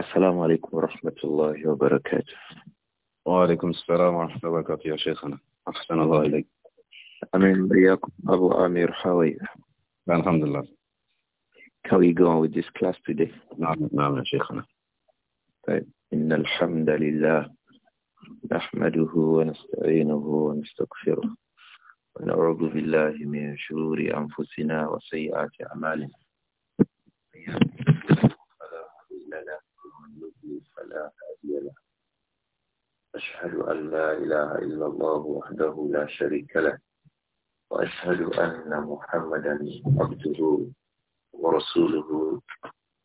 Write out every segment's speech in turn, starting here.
السلام عليكم ورحمة الله وبركاته وعليكم السلام ورحمة الله وبركاته يا شيخنا أحسن الله إليك أمين بياكم أبو أمير how الحمد لله How are you going with this class today? نعم نعم يا شيخنا طيب إن الحمد لله نحمده ونستعينه ونستغفره ونعوذ بالله من شرور أنفسنا وسيئات أعمالنا لا هادي له أشهد أن لا إله إلا الله وحده لا شريك له وأشهد أن محمدا عبده ورسوله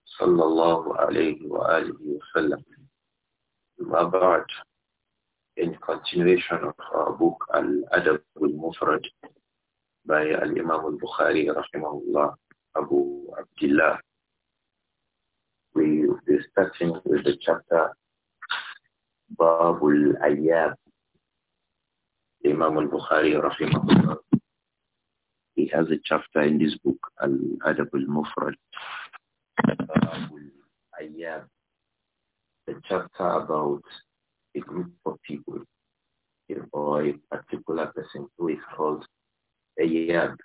صلى الله عليه وآله وسلم ما بعد in continuation of our book Al-Adab al-Mufrad by Al-Imam al-Bukhari أبو عبد الله We will be starting with the chapter Babul Ayyab. Imam al-Bukhari rahimahullah. He has a chapter in this book, Al-Adab al-Mufrad. Babul Ayyab. The chapter about a group of people or a particular person who is called Ayyab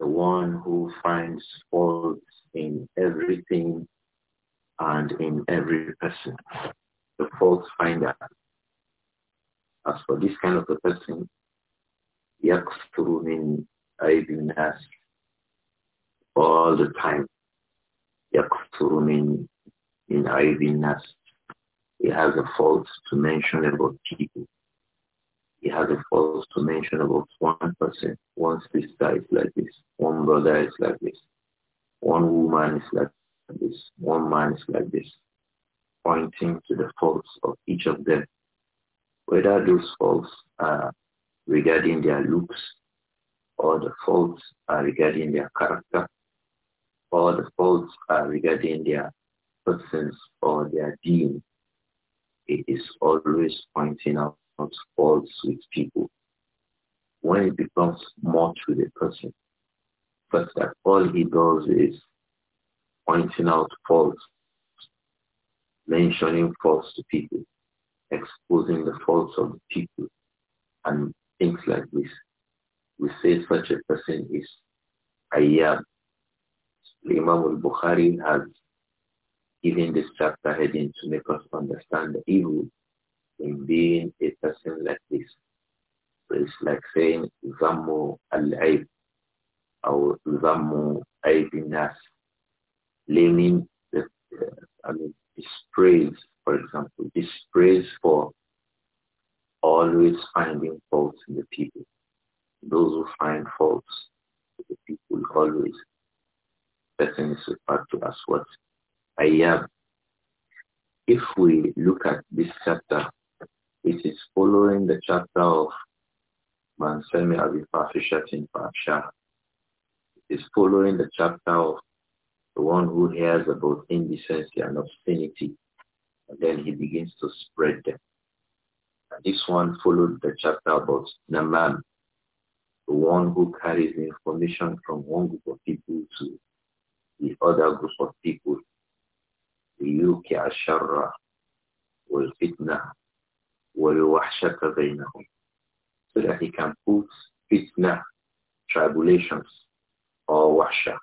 the one who finds faults in everything and in every person. The fault finder. As for this kind of a person, يَكْفُرُ مِنْ in النَّاسِ All the time. يَكْفُرُ مِنْ in عَيْبِ He has a fault to mention about people. He has a fault to mention about one person. One sister is like this. One brother is like this one woman is like this, one man is like this, pointing to the faults of each of them. Whether those faults are regarding their looks, or the faults are regarding their character, or the faults are regarding their persons or their deeds, it is always pointing out faults with people. When it becomes more to the person, but that all he does is pointing out faults, mentioning faults to people, exposing the faults of the people, and things like this. We say such a person is Ayyab. Imam al-Bukhari has given this chapter heading to make us understand the evil in being a person like this. So it's like saying Zammu al-Aib. Our ذم أيدي الناس leaning the, uh, I mean, dispraise, for example, dispraise for always finding faults in the people. Those who find faults in the people always. Person is referred to as what I am. If we look at this chapter, it is following the chapter of Man Sami Abi in Fafshah is following the chapter of the one who hears about indecency and obscenity, and then he begins to spread them. And this one followed the chapter about Naman, the one who carries information from one group of people to the other group of people. ليوقع الشر والفتنة والوحشة بينهم so that he can put fitna, tribulations or washa,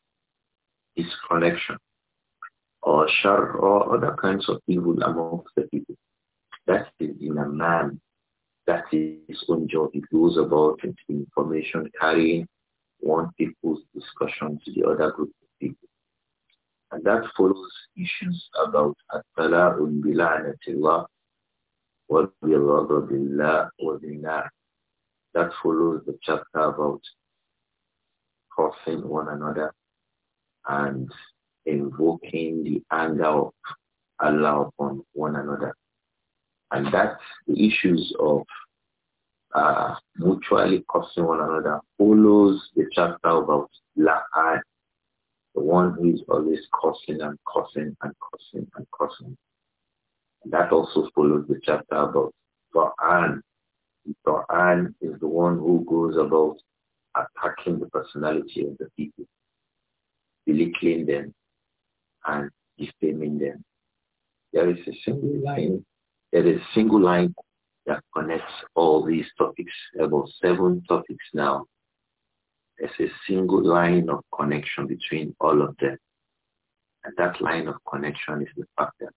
his connection, or shar, or other kinds of evil amongst the people. That is in a man. That is his own job. He goes about into information carrying one people's discussion to the other group of people. And that follows issues about at-tala'un bila'anatillah wa That follows the chapter about Crossing one another and invoking the anger of Allah upon one another. And that's the issues of uh, mutually crossing one another follows the chapter about La'ad, the one who is always crossing and crossing and crossing and crossing. And that also follows the chapter about Ta'an. Ta'an is the one who goes about attacking the personality of the people, belittling them and defaming them. There is a single line. There is a single line that connects all these topics, about seven topics now. There's a single line of connection between all of them. And that line of connection is the fact that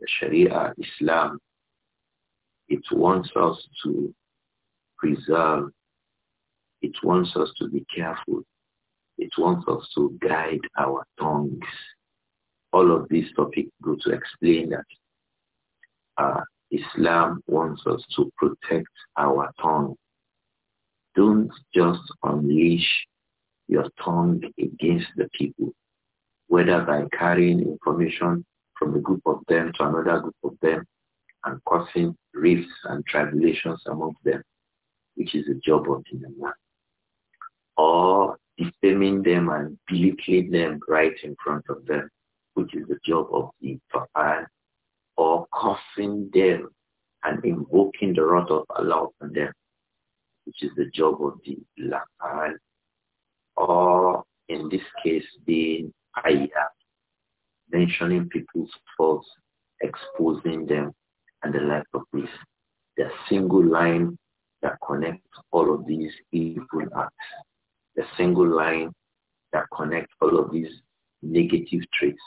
the Sharia, Islam, it wants us to preserve it wants us to be careful. It wants us to guide our tongues. All of these topics go to explain that uh, Islam wants us to protect our tongue. Don't just unleash your tongue against the people, whether by carrying information from a group of them to another group of them and causing rifts and tribulations among them, which is the job of the man or defaming them and belittling them right in front of them, which is the job of the Fa'al, or cursing them and invoking the wrath of Allah on them, which is the job of the La'al, or in this case, being Ayah, mentioning people's faults, exposing them, and the like of this. The single line that connects all of these evil acts the single line that connects all of these negative traits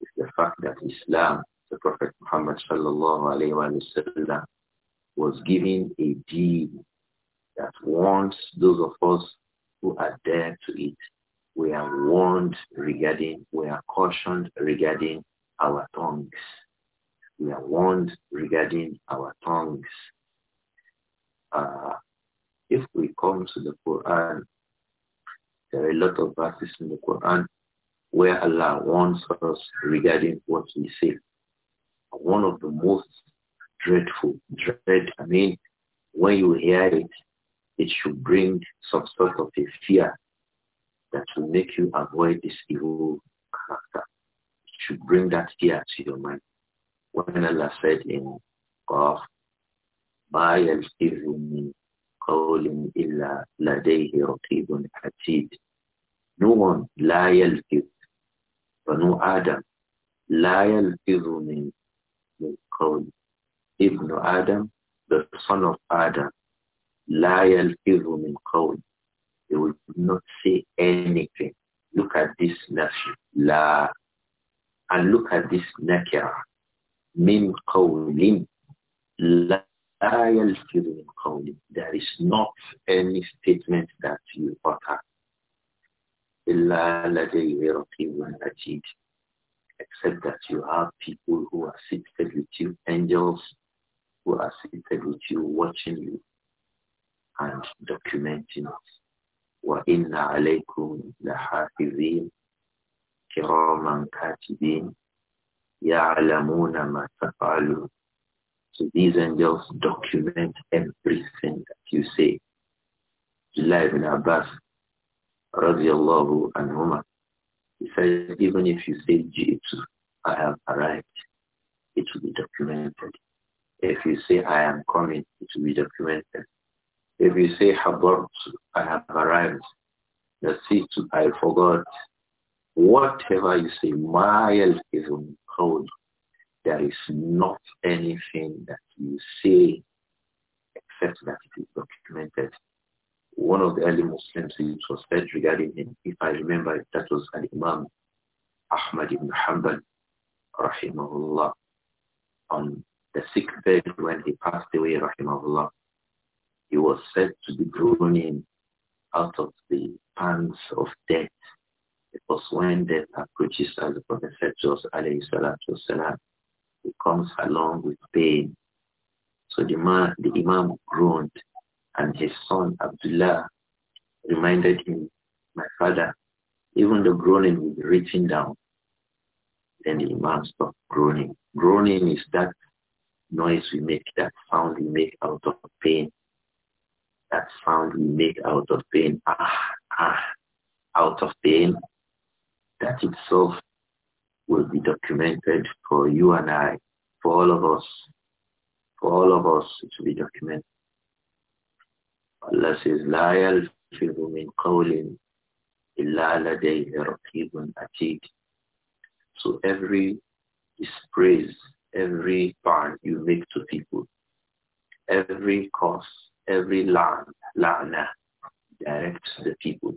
is the fact that Islam, the Prophet Muhammad sallallahu alayhi wa was given a deed that warns those of us who adhere to it. We are warned regarding, we are cautioned regarding our tongues. We are warned regarding our tongues. Uh, if we come to the Quran there are a lot of verses in the Quran where Allah warns us regarding what we say. One of the most dreadful, dread, I mean, when you hear it, it should bring some sort of a fear that will make you avoid this evil character. It should bring that fear to your mind. When Allah said in Qaf, مَا يَلْفِظُ مِنْ قول إلا لديه رقيب عتيد نوح لا يلفظ بنو آدم لا يلفظ من قول ابن آدم بل son of آدم لا يلفظ من قول he will not say anything look at this nation لا and look at this نكرة من قول لا There is not any statement that you utter. Except that you have people who are seated with you, angels who are seated with you, watching you and documenting it. وَإِنَّ عَلَيْكُمْ لَحَافِظِينَ كِرَامًا كَاتِبِينَ يَعْلَمُونَ مَا تَفْعَلُونَ so these angels document everything that you say. Abdullah ibn Abbas, radiallahu anhuma, he says, even if you say, Jitu, I have arrived, it will be documented. If you say, I am coming, it will be documented. If you say, I have arrived, the seat I forgot, whatever you say, health is on there is not anything that you say except that it is documented. One of the early Muslims it was said regarding him, if I remember, that was an Imam Ahmad ibn Hanbal, rahimahullah, on the sick bed when he passed away, rahimahullah. He was said to be groaning out of the pangs of death. It was when death approaches, as the Prophet said to us, alayhi salatu wasalam, it comes along with pain. So the, man, the Imam groaned and his son Abdullah reminded him, my father, even the groaning will be written down. Then the Imam stopped groaning. Groaning is that noise we make, that sound we make out of pain. That sound we make out of pain, ah, ah, out of pain. That itself will be documented for you and I, for all of us. For all of us, it will be documented. Allah says, لا يلفظ من قول إلا لديه رقيب أتيد. So every praise, every barn you make to people, every curse, every la'na, la'na directs the people.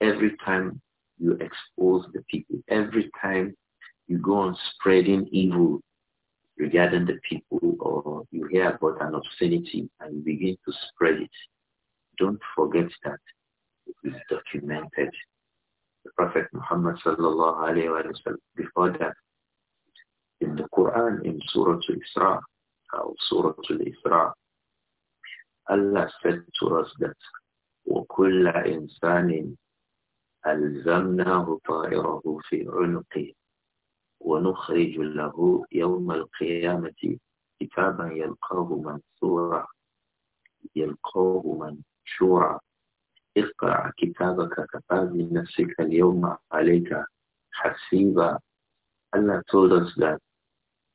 Every time you expose the people. Every time you go on spreading evil regarding the people or you hear about an obscenity and you begin to spread it, don't forget that it is documented. The Prophet Muhammad sallallahu alayhi wa sallam, before that, in the Quran, in Surah Al-Isra, or Surah Al-Isra, Allah said to us that وَكُلَّ إِنسَانٍ ألزمناه طائره في عنقه ونخرج له يوم القيامة كتابا يلقاه منصورا يلقاه منشورا اقرأ كتابك كفى بنفسك اليوم عليك حسيبا Allah told us that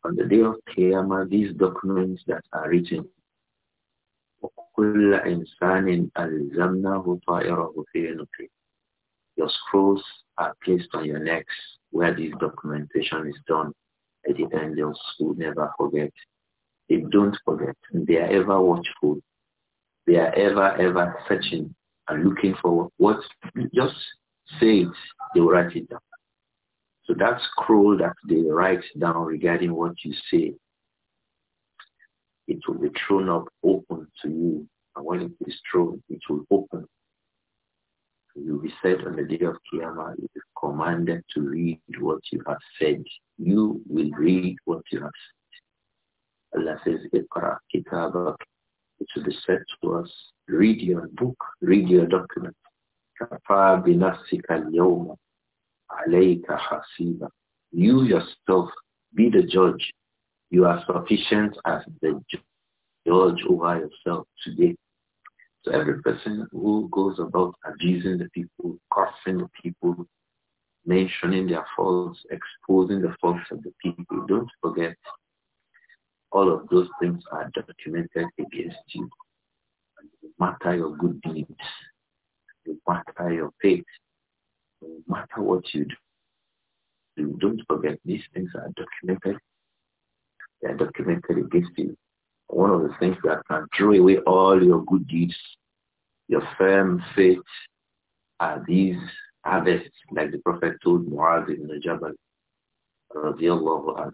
on the day of Qiyamah, these documents that are written, وَكُلَّ إِنسَانٍ أَلْزَمْنَاهُ طَائِرَهُ فِي نُقِيمٍ Your scrolls are placed on your necks where this documentation is done the angels will never forget. They don't forget. They are ever watchful. They are ever, ever searching and looking for what just say it, they will write it down. So that scroll that they write down regarding what you say, it will be thrown up open to you. And when it is thrown, it will open you'll be said on the day of Qiyamah, you be commanded to read what you have said. You will read what you have said. Allah says, Iqra kitabak. It will be said to us, read your book, read your document. Kafa binafsika al-yawma alayka hasiba. You yourself be the judge. You are sufficient as the judge over yourself today. So every person who goes about abusing the people, cursing the people, mentioning their faults, exposing the faults of the people, don't forget all of those things are documented against you. matter your good deeds, matter your faith, no matter what you do, don't forget these things are documented. They are documented against you. One of the things that can throw away all your good deeds your firm faith are these harvests, like the Prophet told Muaz ibn Jabal, radiallahu anhu.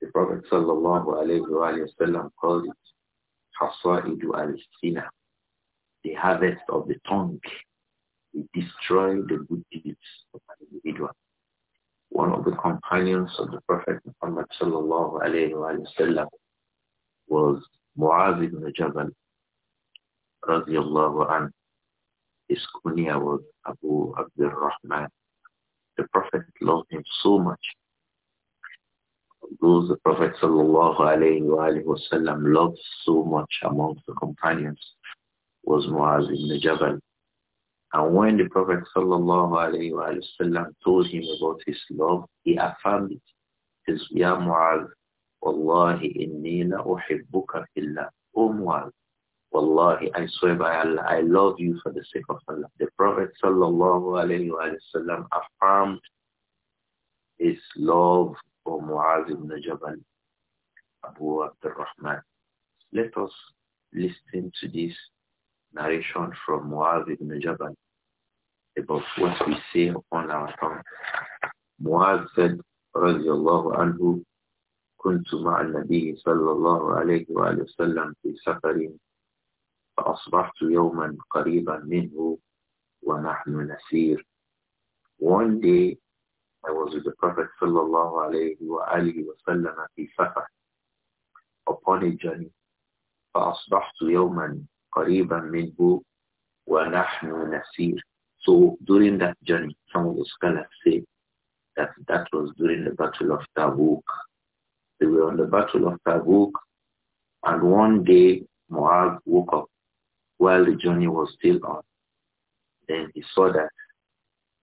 The Prophet sallallahu alayhi wa, sallam called it Hasaidu al-Sina, the harvest of the tongue. We destroy the good deeds of an individual. One of the companions of the Prophet Muhammad sallallahu alayhi wa sallam was Muaz ibn Jabal radiallahu anhu. His kunya was Abu Abdul Rahman. The Prophet loved him so much. Those the Prophet sallallahu alayhi wa loved so much amongst the companions was Muaz ibn Jabal. And when the Prophet sallallahu alayhi wa sallam told him about his love, he affirmed it. He says, Ya Muaz, Wallahi inni la uhibbuka fillah. O Muaz, Wallahi, I swear by Allah, I love you for the sake of Allah. The Prophet sallallahu alayhi wa sallam affirmed his love for Muaz ibn Jabal, Abu Abdurrahman. Let us listen to this narration from Muaz ibn Jabal about what we say on our tongue. Muaz said, رضي الله كنت مع النبي صلى الله عليه وآله وسلم في سفر فأصبحت يوما قريبا منه ونحن نسير One day I was with the Prophet صلى الله عليه وآله وسلم في سفر upon a journey فأصبحت يوما قريبا منه ونحن نسير So during that journey, some of the scholars say that that was during the Battle of Tabuk. They were on the Battle of Tabuk, and one day Muad woke up while the journey was still on. Then he saw that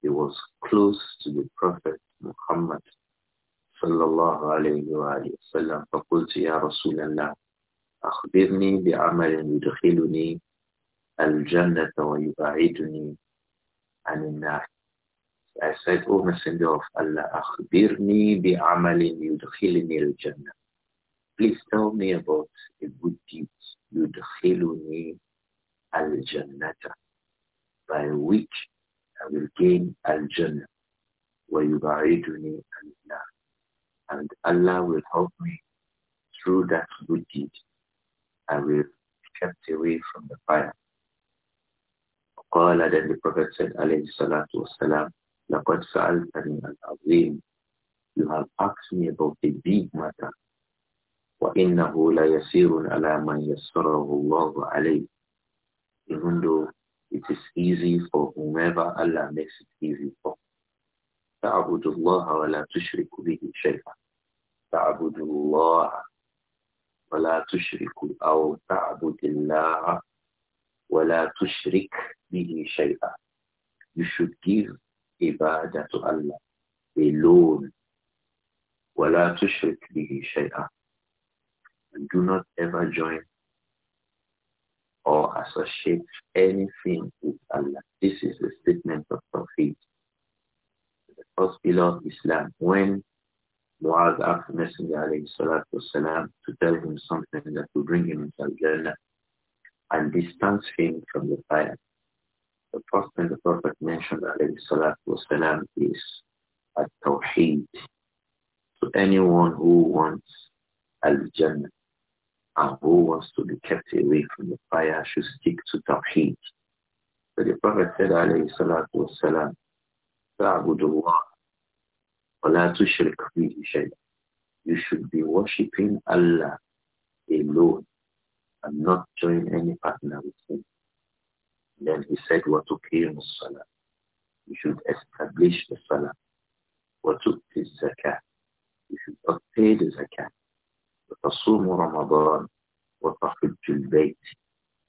he was close to the Prophet Muhammad sallallahu الله عليه وآله وسلم فقلت يا رسول الله أخبرني بعمل يدخلني الجنة ويبعدني عن النار I said, O Messenger of Allah, أخبرني بعمل يدخلني الجنة Please tell me about a good deed يدخلني al-jannata, by which I will gain al-jannah, where you al al-nar. And Allah will help me through that good deed. I will be kept away from the fire. قال then the Prophet said alayhi عليه الصلاة والسلام لقد سألتني العظيم You have asked me about a big matter وإنه ليسير على من يسره الله عليه even though it is easy for whomever Allah makes it easy for. تعبد الله ولا تشرك به شيئا تعبد الله ولا تشرك أو تعبد الله ولا تشرك به شيئا You should give ibadah to Allah alone ولا تشرك به شيئا and do not ever join associate anything with Allah. This is the statement of Prophet. The first pillar of Islam, when Muaz asked the Messenger والسلام, to tell him something that will bring him into Jannah and distance him from the fire. The first thing the Prophet mentioned والسلام, is at Tawheed. To anyone who wants Al-Jannah, and who wants to be kept away from the fire should stick to Tawheed. So the Prophet said, alayhi salatu wasalam, Ta'budullah, wa la tushrik bihi shay'an. You should be worshipping Allah alone and not join any partner with him. And then he said, wa tuqimu salah. You should establish the salah. Wa tuqti zakah. You should not pay the zakat. تصوم رمضان وتحج البيت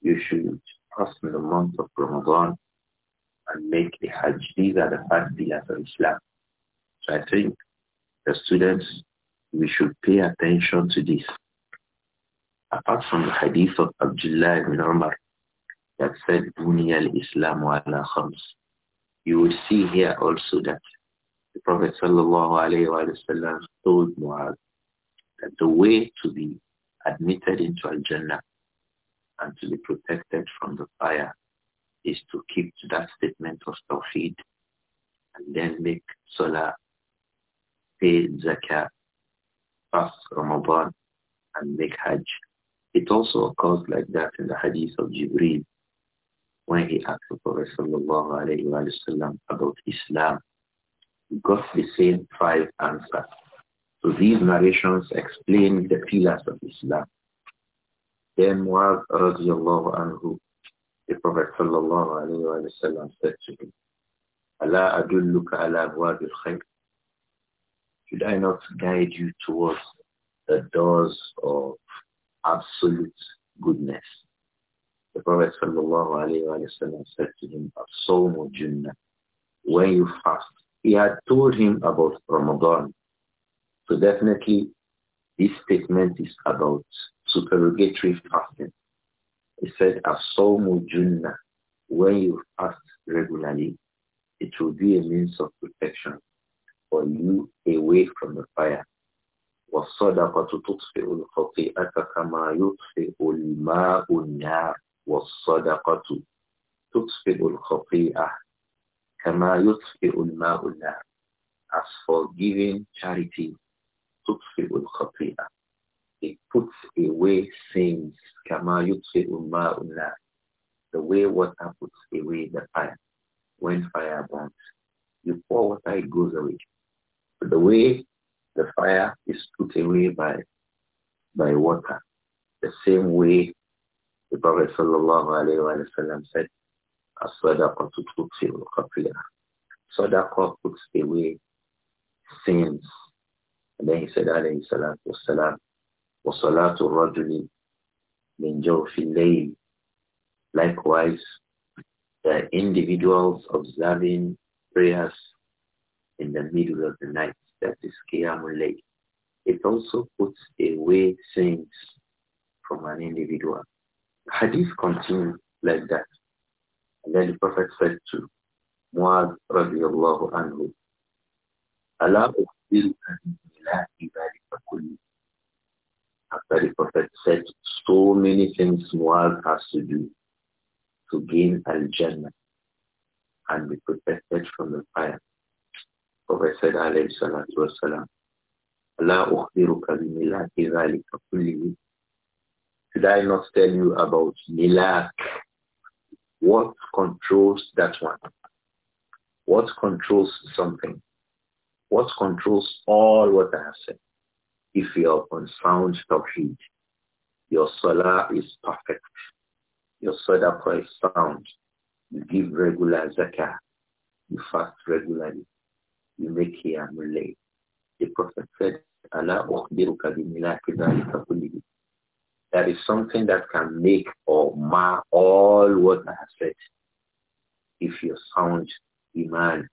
you should fast in the month of Ramadan and make the Hajj. These are the five pillars of Islam. So I think the students, we should pay attention to this. Apart from the hadith of Abdullah ibn Umar that said, Bunya al-Islam wa ala khams. You will see here also that the Prophet sallallahu alayhi wa sallam told Muad the way to be admitted into Al-Jannah and to be protected from the fire is to keep to that statement of Tawheed and then make Salah, pay Zakah, fast Ramadan, and make Hajj. It also occurs like that in the Hadith of Jibril when he asked the Prophet sallallahu Alaihi Wasallam about Islam. He got the same five answers so these narrations explain the pillars of Islam. Then Muaz radiallahu anhu, the Prophet sallallahu alayhi wa sallam said to him, Allah adulluka ala abwabil khayr. Should I not guide you towards the doors of absolute goodness? The Prophet sallallahu alayhi wa sallam said to him, As-sawmu When you fast, he had told him about Ramadan so definitely this statement is about supererogatory fasting. It said Asomu Junna, when you fast regularly, it will be a means of protection for you away from the fire. والصدقة تطفئ الخطيئة كما يطفئ الماء النار والصدقة تطفئ الخطيئة كما يطفئ الماء النار As for giving charity, تطفئ It puts away sins. كما يطفئ الماء النار. The way water puts away the fire. When fire burns, you pour water, it goes away. But the way the fire is put away by by water, the same way the Prophet sallallahu alaihi wasallam said, "As-sadaqa tutfil al puts away sins and then he said, alayhi salatu wassalam, وَصَلَاتُ الرَّجُلِ مِنْ جَوْفِ اللَّيْلِ Likewise, the individuals observing prayers in the middle of the night, that is Qiyamul Layl. It also puts away sins from an individual. Hadith continues like that. And then the Prophet said to Muad الله عنه, Allah will he After the Prophet said so many things the world has to do to gain Al-Jannah and be protected from the fire. Prophet said, alayhi salatu wasalam, لا أخبرك بملاك ذلك كله Should I not tell you about milak? What controls that one? What controls something? What controls all what I have said? If you're on sound tawheed, your salah is perfect. Your sadaqah is sound. You give regular zakah. You fast regularly. You make qiyam late. The Prophet said, Allah That is something that can make or mar all what I have said. If your sound iman,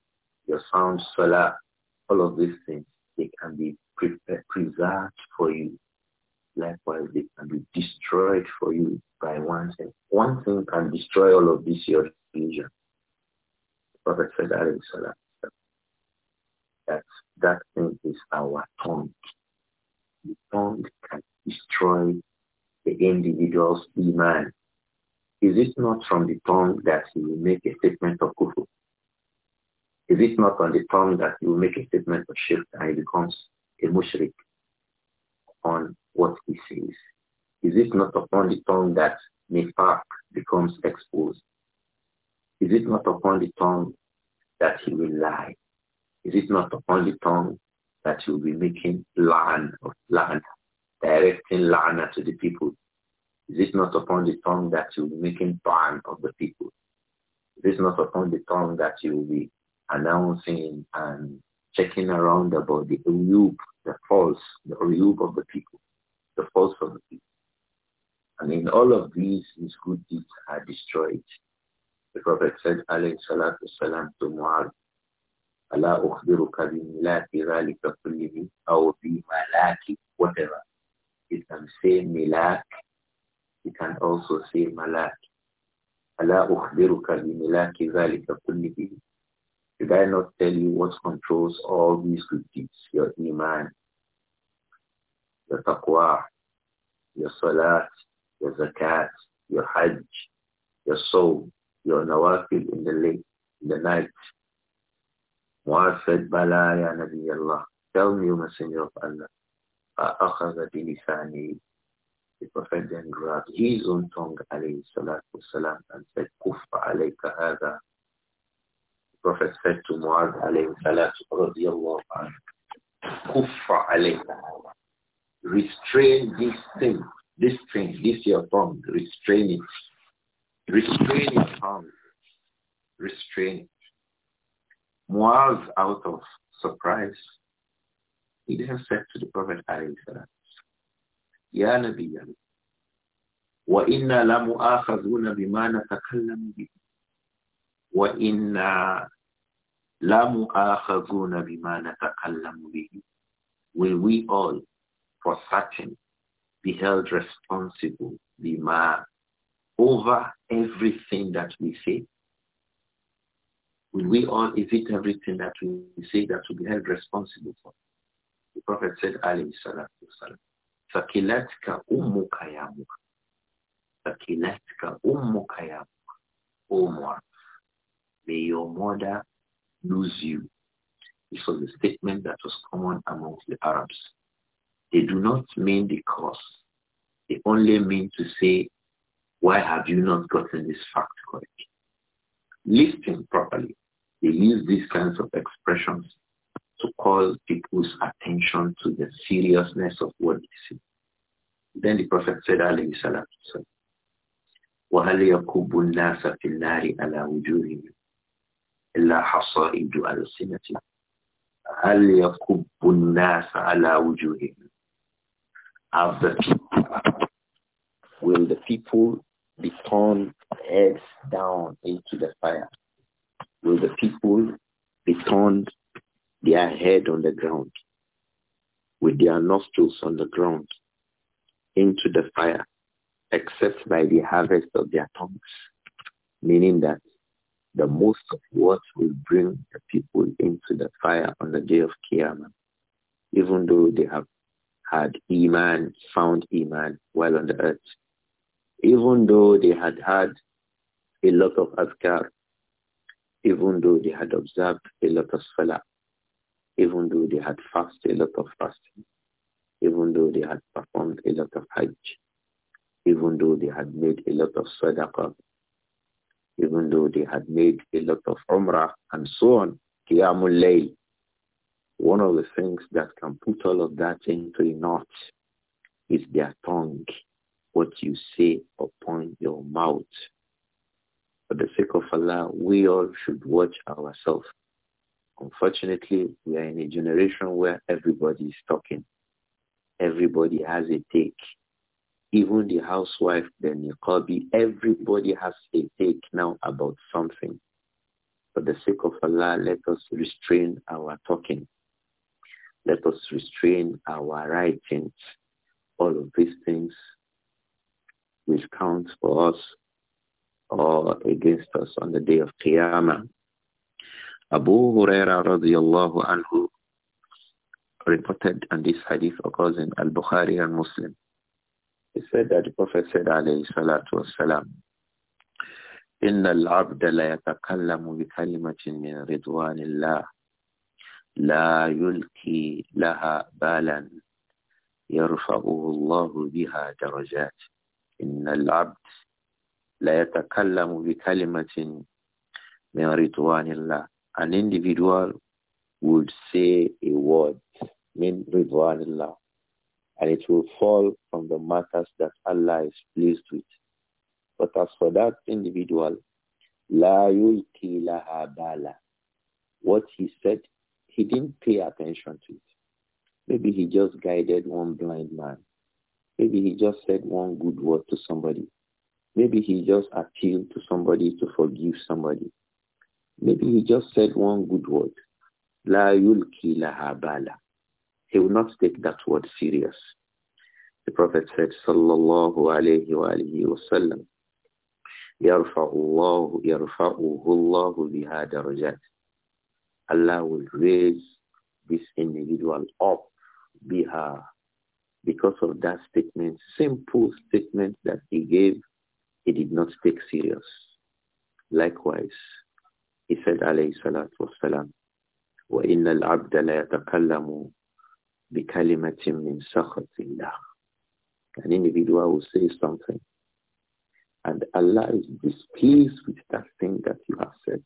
your sound salah, all of these things, they can be pre uh, preserved for you. Likewise, they can be destroyed for you by one thing. One thing can destroy all of this, your vision. The Prophet said, that that thing is our tongue. The tongue can destroy the individual's iman. Is it not from the tongue that he will make a statement of kufr? Is it not on the tongue that you make a statement of shirk and it becomes a mushrik on what he says? Is it not upon the tongue that nifaq becomes exposed? Is it not upon the tongue that he will lie? Is it not upon the tongue that you will be making lan of lana, directing lana to the people? Is it not upon the tongue that you will be making ban of the people? Is it not upon the tongue that you will be announcing and checking around about the uyub, the false, the uyub of the people, the false of the people. And in all of these, his good deeds are destroyed. The Prophet said, alayhi salatu salam to Mu'adh, ألا أخبرك بملاك ذلك كله أو بملاك whatever. He can say milak. he can also say malak. ألا أخبرك بملاك ذلك كله did I not tell you what controls all these good deeds? Your iman, your taqwa, your salat, your zakat, your hajj, your soul, your nawafil in the late, in the night. Mu'az Bala ya Nabi Allah. Tell me, O Messenger of Allah. فأخذ بلسانه the Prophet then grabbed his own tongue, alayhi salatu wasalam, and said, Kuffa alayka hada Prophet said to Muaz alayhi salatu radiallahu anhu, Restrain this thing, this thing, this your tongue, restrain it. Restrain your tongue. Restrain it. Muaz, out of surprise, he then said to the Prophet alayhi salatu, Ya Nabi, وإنا لمؤاخذون بما نتكلم به وَإِنَّا لَمُؤَاخَذُونَ بِمَا نَتَكَلَّمُ بِهِ Will we all, for certain, be held responsible bima over everything that we say? Will we all, is it everything that we say that we be held responsible for? The Prophet said, alayhi salatu wasalam, فَكِلَتْكَ أُمُّكَ يَا مُكَ فَكِلَتْكَ أُمُّكَ يَا مُكَ May your mother lose you. This was a statement that was common amongst the Arabs. They do not mean the cause. They only mean to say, why have you not gotten this fact correct? Listening properly. They use these kinds of expressions to call people's attention to the seriousness of what they see. Then the Prophet said, alayhi salatu وَهَلْ يَكُبُ حصائد هل يكب الناس على وجوههم the people, will the people be turned heads down into the fire? Will the people be turned their head on the ground, with their nostrils on the ground, into the fire, except by the harvest of their tongues? Meaning that the most of what will bring the people into the fire on the day of Qiyamah, even though they have had Iman, found Iman while on the earth, even though they had had a lot of Azkar, even though they had observed a lot of salah, even though they had fasted a lot of fasting, even though they had performed a lot of hajj, even though they had made a lot of sadaqah, even though they had made a lot of umrah and so on, qiyamul layl. One of the things that can put all of that into a knot is their tongue, what you say upon your mouth. For the sake of Allah, we all should watch ourselves. Unfortunately, we are in a generation where everybody is talking. Everybody has a take even the housewife, the niqabi, everybody has a take now about something. For the sake of Allah, let us restrain our talking. Let us restrain our writings. All of these things will count for us or against us on the day of Qiyamah. Abu Huraira radiallahu anhu reported, on this hadith occurs in Al-Bukhari and Muslim, he said that the Prophet said, alayhi salatu wasalam, إن العبد لا يتكلم بكلمة من رضوان الله لا يلقي لها بالا يرفعه الله بها درجات إن العبد لا يتكلم بكلمة من رضوان الله An individual would say a word من رضوان الله and it will fall from the matters that Allah is pleased with. But as for that individual, La yulki laha bala. What he said, he didn't pay attention to it. Maybe he just guided one blind man. Maybe he just said one good word to somebody. Maybe he just appealed to somebody to forgive somebody. Maybe he just said one good word. La yulki laha bala he will not take that word serious. The Prophet said, Sallallahu alayhi wa alihi wa sallam, يَرْفَعُهُ اللَّهُ بِهَا دَرَجَاتٍ Allah will raise this individual up biha because of that statement, simple statement that he gave, he did not take serious. Likewise, he said alayhi salatu salam." وَإِنَّ الْعَبْدَ لَيَتَكَلَّمُ Bikalimatim min سَخَطِ An individual will say something and Allah is displeased with that thing that you have said.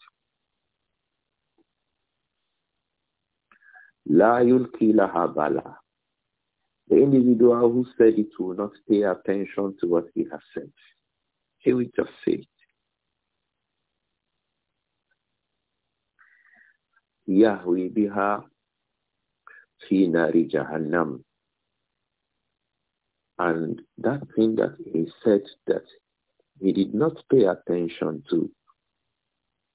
La yulki bala. The individual who said it will not pay attention to what he has said. He will just say it. Yahweh biha fi nari jahannam. And that thing that he said that he did not pay attention to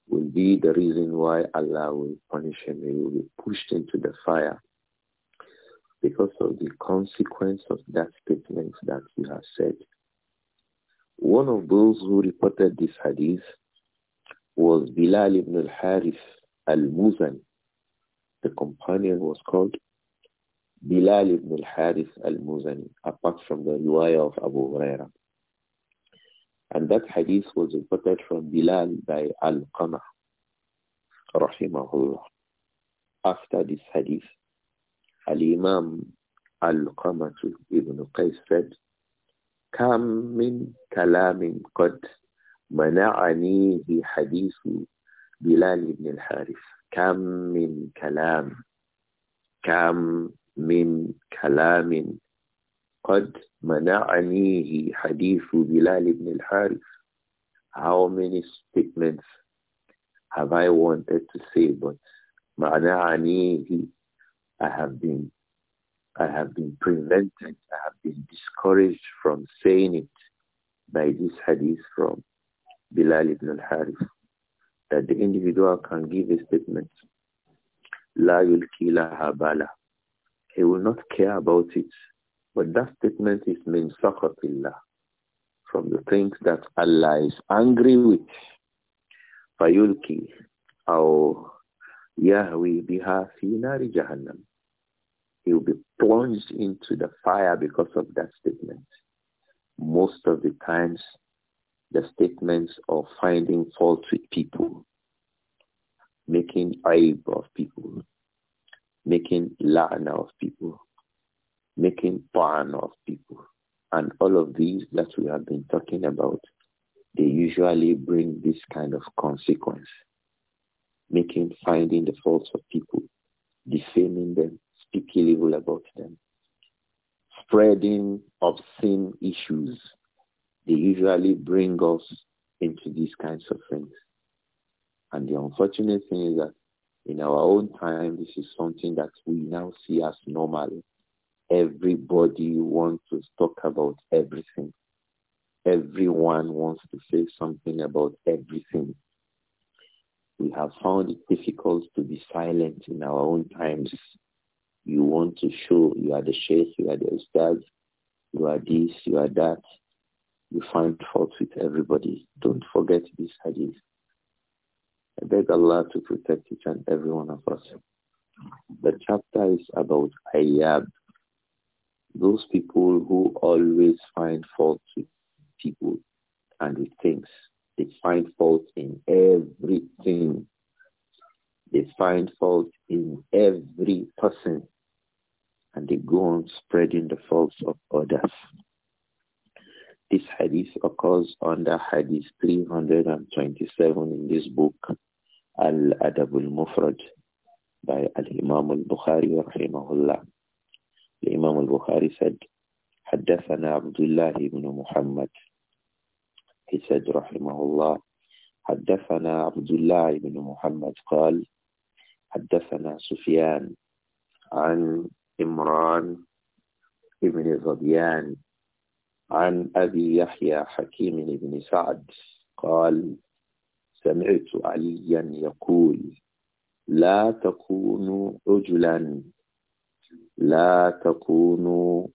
will be the reason why Allah will punish him. He will be pushed into the fire because of the consequence of that statement that he has said. One of those who reported this hadith was Bilal ibn al-Harith al-Muzan. The companion was called Bilal ibn al-Harith al-Muzani, apart from the riwayah of Abu Huraira. And that hadith was reported from Bilal by Al-Qamah, rahimahullah. After this hadith, Al-Imam Al-Qamah ibn Qais said, كم من كلام قد منعني بحديث بلال بن الحارث كم من كلام كم من كلام قد منعنيه حديث بلال بن الحارث how many statements have I wanted to say but منعنيه I have been I have been prevented I have been discouraged from saying it by this hadith from Bilal ibn al-Harith that the individual can give a statement لا يلقي لها بالا he will not care about it. But that statement is min sakatillah, from the things that Allah is angry with. Fayulki, أو يهوي بها في نار jahannam. He will be plunged into the fire because of that statement. Most of the times, the statements of finding fault with people, making aib of people, making la'na of people, making pa'n of people. And all of these that we have been talking about, they usually bring this kind of consequence. Making, finding the faults of people, defaming them, speaking evil about them, spreading obscene issues. They usually bring us into these kinds of things. And the unfortunate thing is that in our own time, this is something that we now see as normal. Everybody wants to talk about everything. Everyone wants to say something about everything. We have found it difficult to be silent in our own times. You want to show you are the sheikh, you are the ustad, you are this, you are that. You find fault with everybody. Don't forget this hadith I beg Allah to protect each and every one of us. The chapter is about Ayyab, those people who always find fault with people and with things. They find fault in everything. They find fault in every person. And they go on spreading the faults of others. This hadith occurs under hadith 327 in this book, Al-Adab al-Mufrad, by Al-Imam al-Bukhari, rahimahullah. الإمام Bukhari said حدثنا عبد الله بن محمد he said رحمه الله حدثنا عبد الله بن محمد قال حدثنا سفيان عن إمران ابن غبيان عن أبي يحيى حكيم بن سعد قال سمعت عليا يقول لا تكونوا عجلا لا تكونوا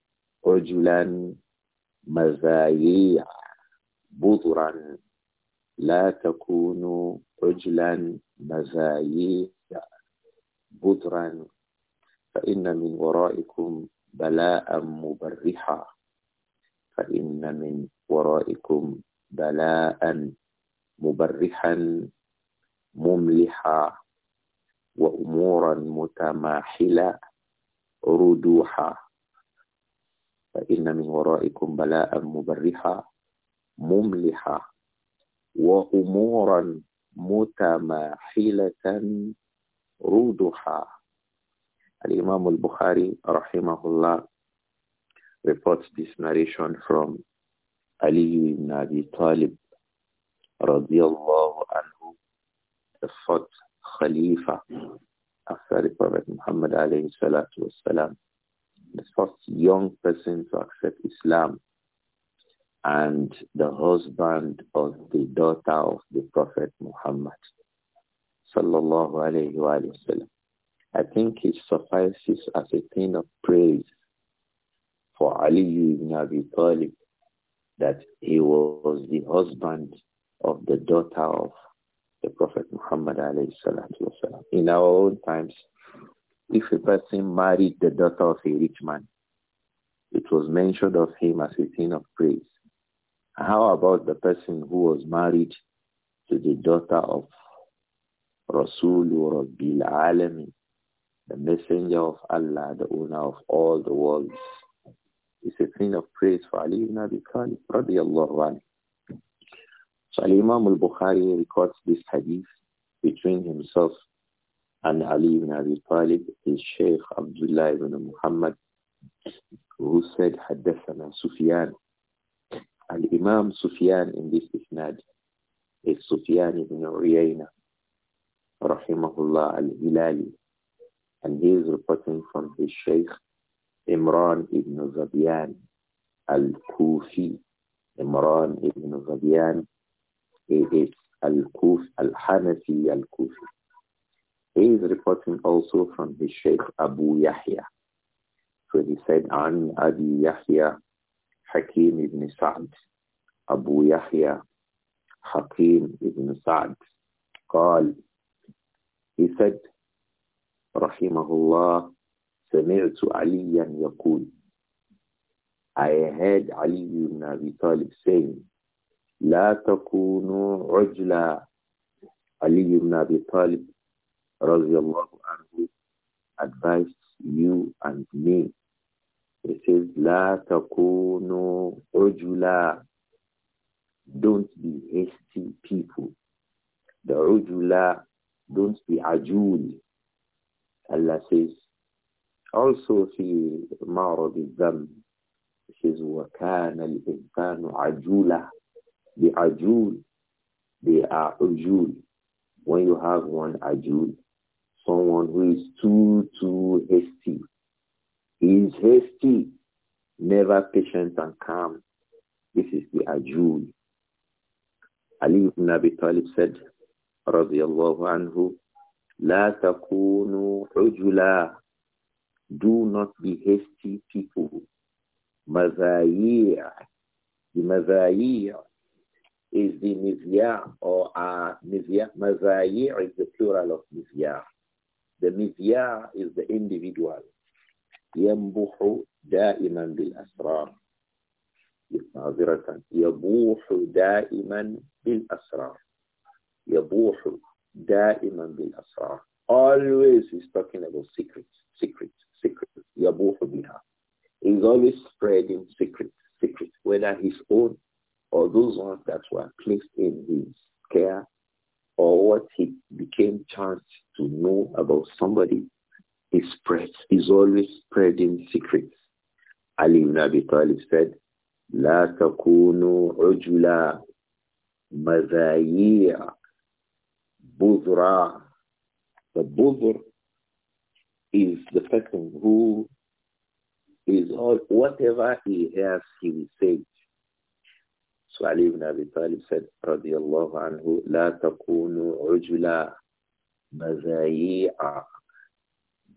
عجلا مزايع بذرا لا تكونوا عجلا مزايع بذرا فإن من ورائكم بلاء مبرحا فإن من ورائكم بلاء مبرحا مملحا وأمورا متماحلة ردوحا فإن من ورائكم بلاء مبرحا مملحا وأمورا متماحلة ردوحا الإمام البخاري رحمه الله reports this narration from Ali ibn Abi Talib radiallahu anhu, the fourth Khalifa after the Prophet Muhammad alayhi salatu wasalam, the first young person to accept Islam and the husband of the daughter of the Prophet Muhammad sallallahu alayhi wa, alayhi I think it suffices as a thing of praise for Ali ibn Abi Talib that he was the husband of the daughter of the Prophet Muhammad In our own times, if a person married the daughter of a rich man, it was mentioned of him as a thing of praise. How about the person who was married to the daughter of Rasul or Bil Alami, the messenger of Allah, the owner of all the worlds? is a of praise for Ali ibn Abi Talib radiallahu anhu. So al Imam al-Bukhari records this hadith between himself and Ali ibn Abi Talib, his Sheikh Abdullah ibn Muhammad, who said, حدثنا Sufyan. Al-Imam Sufyan in this isnad is Sufyan ibn Uyayna, rahimahullah al-Hilali, and he is reporting from his Sheikh Imran ibn Zabian al-Kufi. Imran ibn Zabian is al-Kuf, al-Hanafi al-Kufi. He is reporting also from his Sheikh Abu Yahya. So he said, An Abi Yahya, Hakim ibn Sa'd, Abu Yahya, Hakim ibn Sa'd, قال, he said, "Rahimahullah." The male سمعت عليا يقول I heard Ali ibn Abi Talib saying "La تكونوا عجلا Ali ibn Abi Talib رضي advised you and me He says لا تكونوا عجلا don't be hasty people the ujula don't be ajul Allah says also في معرض الذنب says وكان الإنسان عجولة بعجول they are ajul. When you have one ajul, someone who is too, too hasty. He is hasty, never patient and calm. This is the ajul. Ali ibn Abi Talib said, رضي الله عنه, لا تكونوا عجلا do not be hasty people. Mazayir. The mazayir is the mizyah or uh, mizyah. Mazayir is the plural of mizyah. The mizyah is the individual. ينبح دائما بالأسرار معذرة يبوح دائما بالأسرار يبوح دائما بالأسرار always he's talking about secrets secrets Secret. secrets. He's always spreading secrets, secrets, whether his own or those ones that were placed in his care or what he became chance to know about somebody. He spreads, he's always spreading secrets. Ali ibn Abi Talib said, لا تكونوا عجلا مزايع بذرا The buzr is the person who is all, whatever he hears, he will say So Ali ibn Abi Talib said, Allah anhu, لا تكونوا عجلا مزايع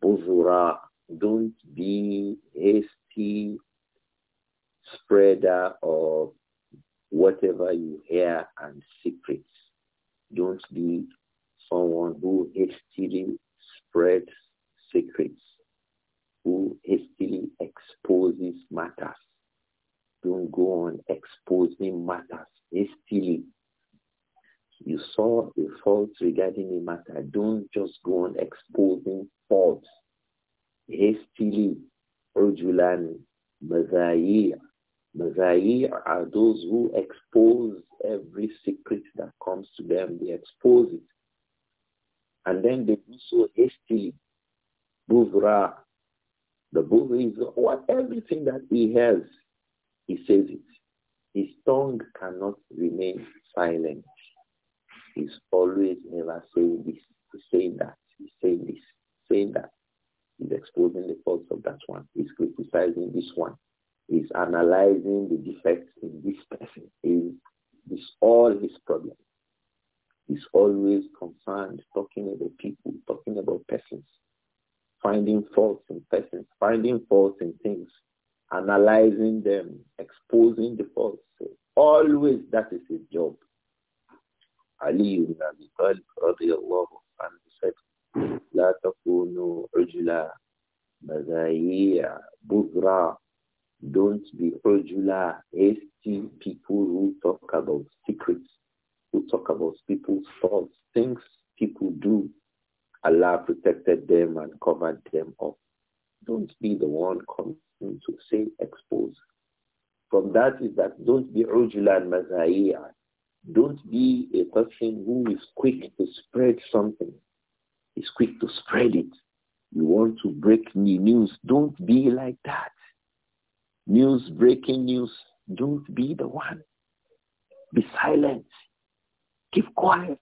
buzura. Don't be hasty spreader of whatever you hear and secrets. Don't be someone who hastily spreads secrets, who hastily exposes matters. Don't go on exposing matters hastily. You saw a fault regarding a matter. Don't just go on exposing faults hastily. Urjulan Mazayir. Mazayir are those who expose every secret that comes to them. They expose it. And then they do so hastily. Buzra. The Buvra is what everything that he has, he says it. His tongue cannot remain silent. He's always never saying this, he's saying that, he's saying this, saying that. He's exposing the faults of that one. He's criticizing this one. He's analyzing the defects in this person. He's, it's all his problem. He's always concerned talking about people, talking about persons finding faults in persons, finding faults in things, analyzing them, exposing the faults. So always that is his job. Ali ibn Abi Talib radiallahu anhu said, لا تكونوا عجلا مزايع بذرا Don't be عجلا hasty people who talk about secrets, who talk about people's faults, things people do Allah protected them and covered them up. Don't be the one coming to say expose. From that is that don't be ujulan mazaiya. Don't be a person who is quick to spread something. Is quick to spread it. You want to break new news. Don't be like that. News, breaking news. Don't be the one. Be silent. Keep quiet.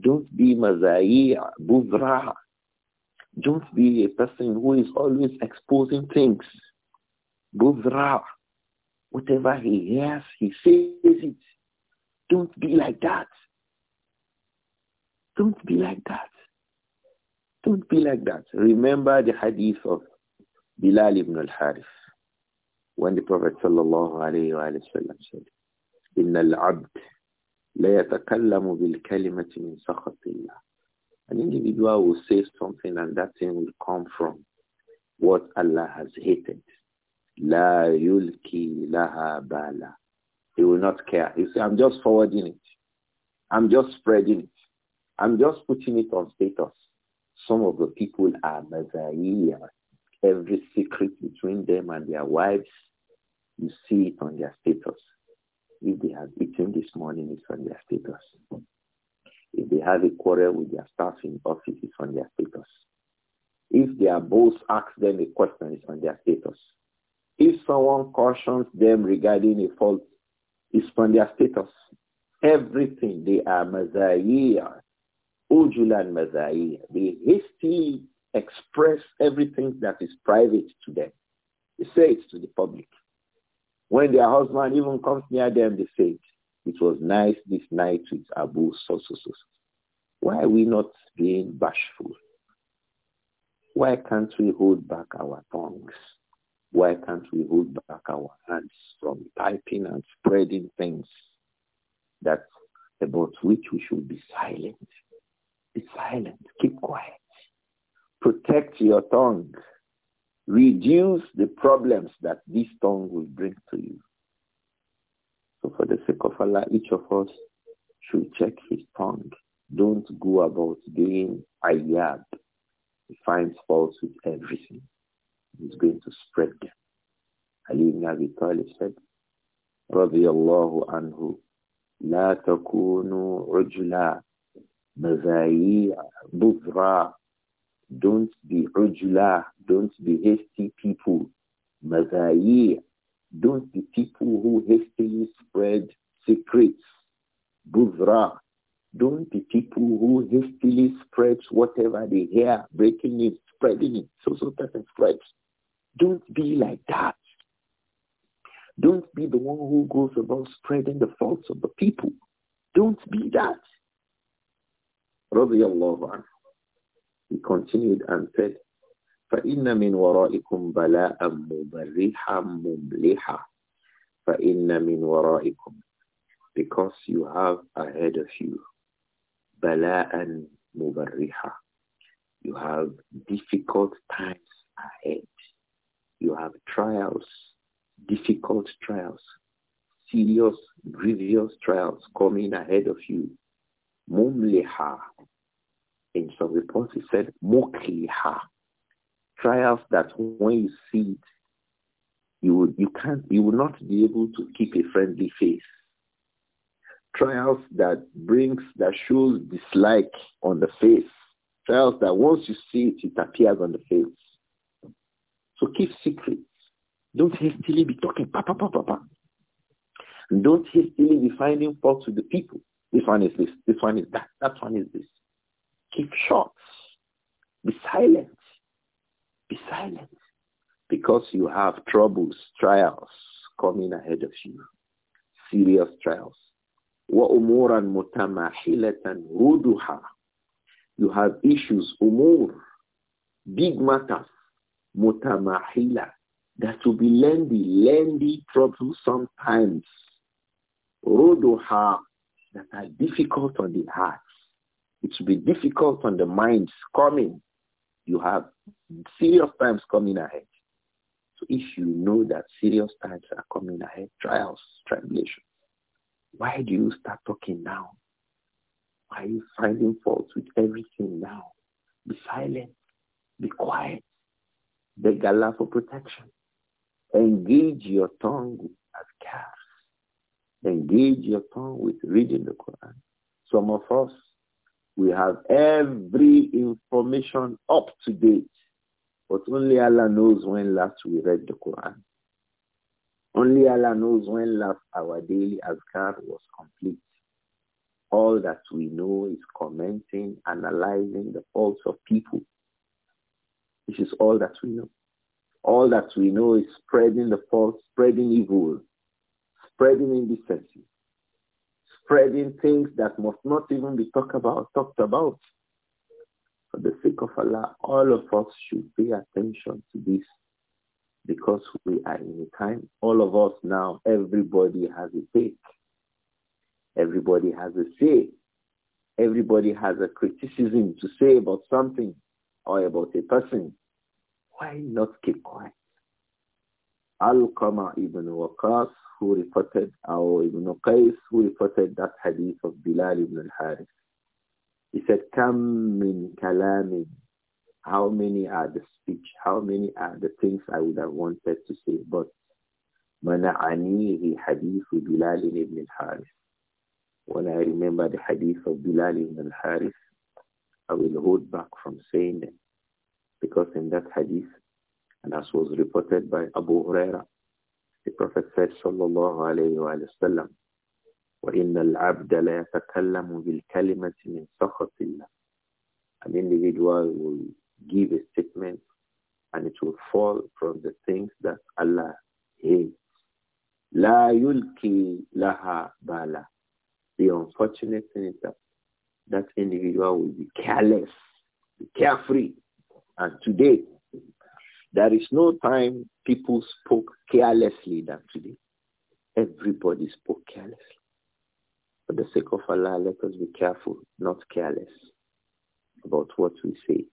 Don't be mazayi' buzra. Don't be a person who is always exposing things. Buzra. Whatever he hears, he says it. Don't be like that. Don't be like that. Don't be like that. Remember the hadith of Bilal ibn al-Harith when the Prophet sallallahu alayhi wa sallam said, إِنَّ الْعَبْدِ لا يتكلم بالكلمة من سخط الله. An individual will say something and that thing will come from what Allah has hated. La yulki laha bala. He will not care. You say, I'm just forwarding it. I'm just spreading it. I'm just putting it on status. Some of the people are mazaiya. Every secret between them and their wives, you see it on their status. If they have eaten this morning, it's on their status. If they have a quarrel with their staff in office, it's on their status. If their boss asks them a question, it's on their status. If someone cautions them regarding a fault, it's on their status. Everything, they are mazayir, ujulan mazayir. They hastily express everything that is private to them. They say it to the public. When their husband even comes near them, they say, it was nice this night with Abu so, so, so. Why are we not being bashful? Why can't we hold back our tongues? Why can't we hold back our hands from typing and spreading things that about which we should be silent? Be silent. Keep quiet. Protect your tongue. Reduce the problems that this tongue will bring to you. So for the sake of Allah, each of us should check his tongue. Don't go about doing ayyab. He finds faults with everything. He's going to spread them. Ali ibn Abi Talib said, رضي الله لا تكونوا رجلا مزايع بذرا don't be regular. Don't be hasty people. Mazayi. Don't be people who hastily spread secrets. Buzra. Don't be people who hastily spread whatever they hear, breaking it, spreading it, so so that it spreads. Don't be like that. Don't be the one who goes about spreading the faults of the people. Don't be that. رضي الله عنه he continued and said, فَإِنَّ مِنْ وَرَائِكُمْ بَلَاءً مُبَرِّحًا مُمْلِحًا فَإِنَّ مِنْ وَرَائِكُمْ Because you have ahead of you بَلَاءً مُبَرِّحًا You have difficult times ahead. You have trials, difficult trials, serious, grievous trials coming ahead of you. مُمْلِحًا in some reports it said mukriha. Trials that when you see it, you will, you can't, you will not be able to keep a friendly face. Trials that brings, that shows dislike on the face. Trials that once you see it, it appears on the face. So keep secrets. Don't hastily be talking, pa pa pa. Don't hastily be finding fault with the people. This one is this, this one is that, that one is this. Keep short. Be silent. Be silent. Because you have troubles, trials coming ahead of you. Serious trials. وَأُمُورًا مُتَمَاحِلَةً رُدُهَا You have issues, umur, big matters, mutamahila, that will be lengthy, lengthy trouble sometimes. Ruduha that are difficult on the heart. It will be difficult on the minds coming. You have serious times coming ahead. So if you know that serious times are coming ahead, trials, tribulations, why do you start talking now? Why are you finding fault with everything now? Be silent. Be quiet. Beg Allah for protection. Engage your tongue as calves. Engage your tongue with reading the Quran. Some of us, we have every information up to date. But only Allah knows when last we read the Quran. Only Allah knows when last our daily azkar was complete. All that we know is commenting, analyzing the faults of people. This is all that we know. All that we know is spreading the faults, spreading evil, spreading indecency, spreading things that must not even be talked about, talked about. For the sake of Allah, all of us should pay attention to this because we are in a time, all of us now, everybody has a take. Everybody has a say. Everybody has a criticism to say about something or about a person. Why not keep quiet? Al-Qama ibn Waqas, who reported, or Ibn Qais, who reported that hadith of Bilal ibn al-Harith. He said, Kam min How many are the speech? How many are the things I would have wanted to say? But mana'anihi hadith Bilal ibn al-Harith. When I remember the hadith of Bilal ibn al-Harith, I will hold back from saying them. Because in that hadith, and as was reported by Abu Huraira, the Prophet said, Sallallahu alayhi Wasallam, وَإِنَّ الْعَبْدَ لَا بِالْكَلِمَةِ مِنْ سَخَطِ اللَّهِ An individual will give a statement and it will fall from the things that Allah hates. La yulki laha bala. The unfortunate thing is that that individual will be careless, be carefree. And today, there is no time people spoke carelessly than today. Everybody spoke carelessly. For the sake of Allah, let us be careful, not careless about what we say.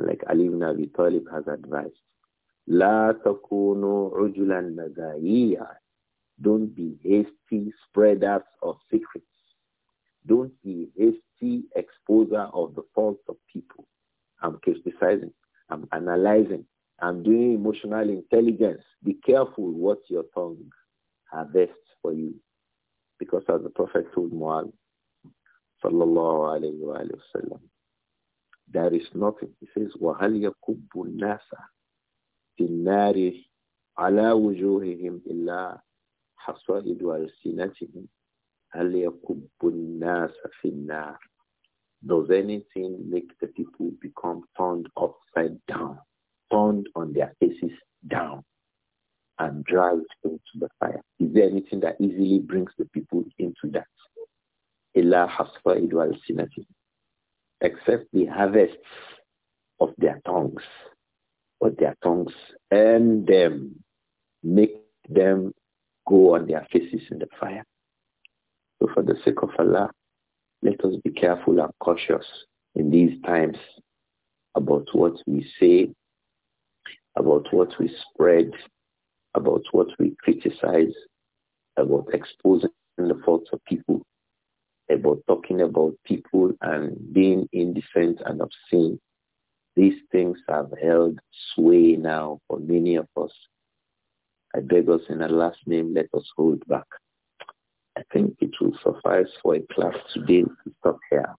Like Ali ibn Abi Talib has advised, La takunu ujulan Don't be hasty spreaders of secrets. Don't be hasty exposer of the faults of people. I'm criticizing. I'm analyzing. I'm doing emotional intelligence. Be careful what your tongue harvests for you. Because as the Prophet told Mu'al, sallallahu alayhi wa sallam, there is nothing. He says, وَهَلْ يَكُبُّ النَّاسَ فِي النَّارِ عَلَى وُجُوهِهِمْ إِلَّا حَصَائِدُ أَلْسِنَتِهِمْ هَلْ يَكُبُّ النَّاسَ فِي النَّارِ Does anything make the people become turned up general response to the fire? Is there anything that easily brings the people into that? has hasfa idwal sinati. Except the harvests of their tongues. But their tongues and them, make them go on their faces in the fire. So for the sake of Allah, let us be careful and cautious in these times about what we say, about what we spread, what we criticize, about exposing the faults of people, about talking about people and being indecent and obscene. These things have held sway now for many of us. I beg us in our last name, let us hold back. I think it will suffice for a class today to stop here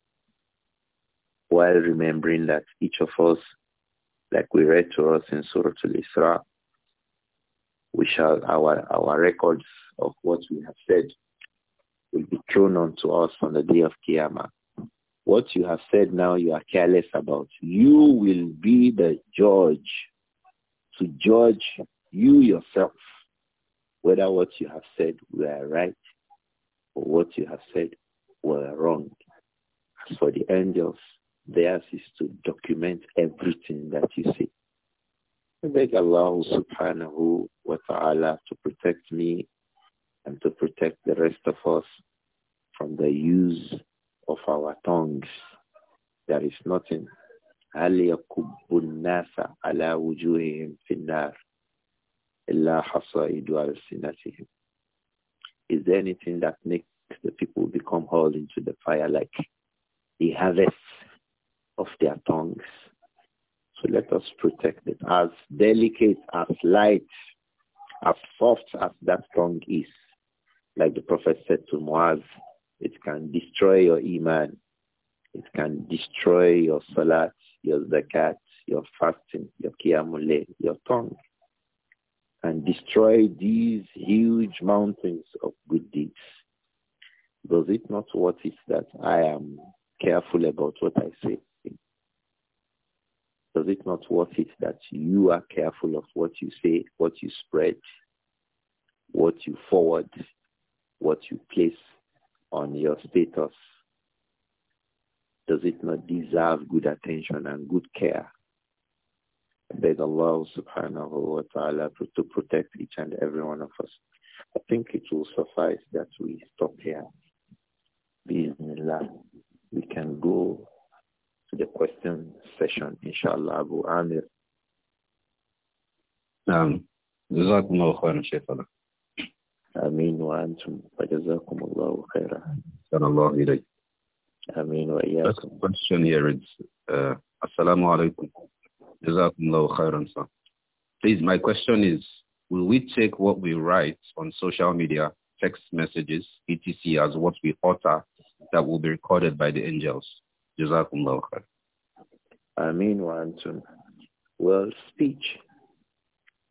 while remembering that each of us, like we read to us in Surah Al-Isra, we shall our our records of what we have said will be thrown unto us on the day of Qiyamah. What you have said now you are careless about. You will be the judge to judge you yourself whether what you have said were right or what you have said were wrong. As for the angels, theirs is to document everything that you say. I beg Allah subhanahu wa ta'ala to protect me and to protect the rest of us from the use of our tongues. There is nothing. Is there anything that makes the people become hauled into the fire like the harvest of their tongues? So let us protect it. As delicate, as light, as soft as that tongue is, like the Prophet said to Muaz, it can destroy your iman. It can destroy your salat, your zakat, your fasting, your qiyamule, your tongue. And destroy these huge mountains of good deeds. Was it not what it that I am careful about what I say? Does it not worth it that you are careful of what you say, what you spread, what you forward, what you place on your status? Does it not deserve good attention and good care? I beg Allah subhanahu wa ta'ala to protect each and every one of us. I think it will suffice that we stop here. Bismillah. We can go to the question session, inshallah, Abu Amir. Um, جزاكم الله خيرا شيخنا آمين وأنتم فجزاكم الله خيرا أحسن الله إليك آمين وإياكم First question here is uh, Assalamu alaikum جزاكم الله خيرا sir Please, my question is, will we take what we write on social media, text messages, etc., as what we utter that will be recorded by the angels? جزاكم الله خير Amin wa antum. Well, speech.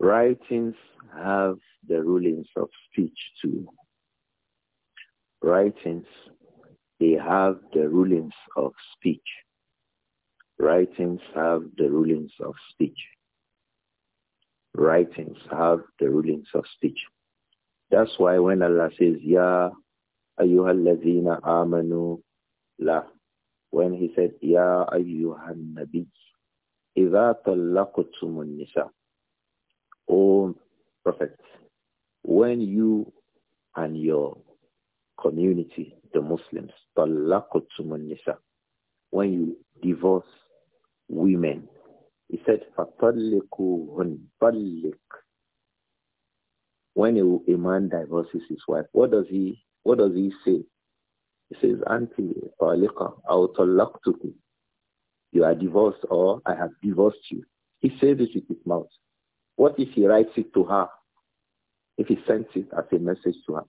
Writings have the rulings of speech too. Writings, they have the rulings of speech. Writings have the rulings of speech. Writings have the rulings of speech. That's why when Allah says, Ya ayyuhal amanu la when he said, Ya ayyuhan nabi, إِذَا طَلَّقْتُمُ النِّسَاءَ O Prophet, when you and your community, the Muslims, طَلَّقْتُمُ النِّسَاءَ When you divorce women, he said, فَطَلِّقُهُنْ طَلِّقْ When a, a man divorces his wife, what does he, what does he say? He says, Anti taliqa aw to You you are divorced or I have divorced you. He says it with his mouth. What if he writes it to her? If he sends it as a message to her.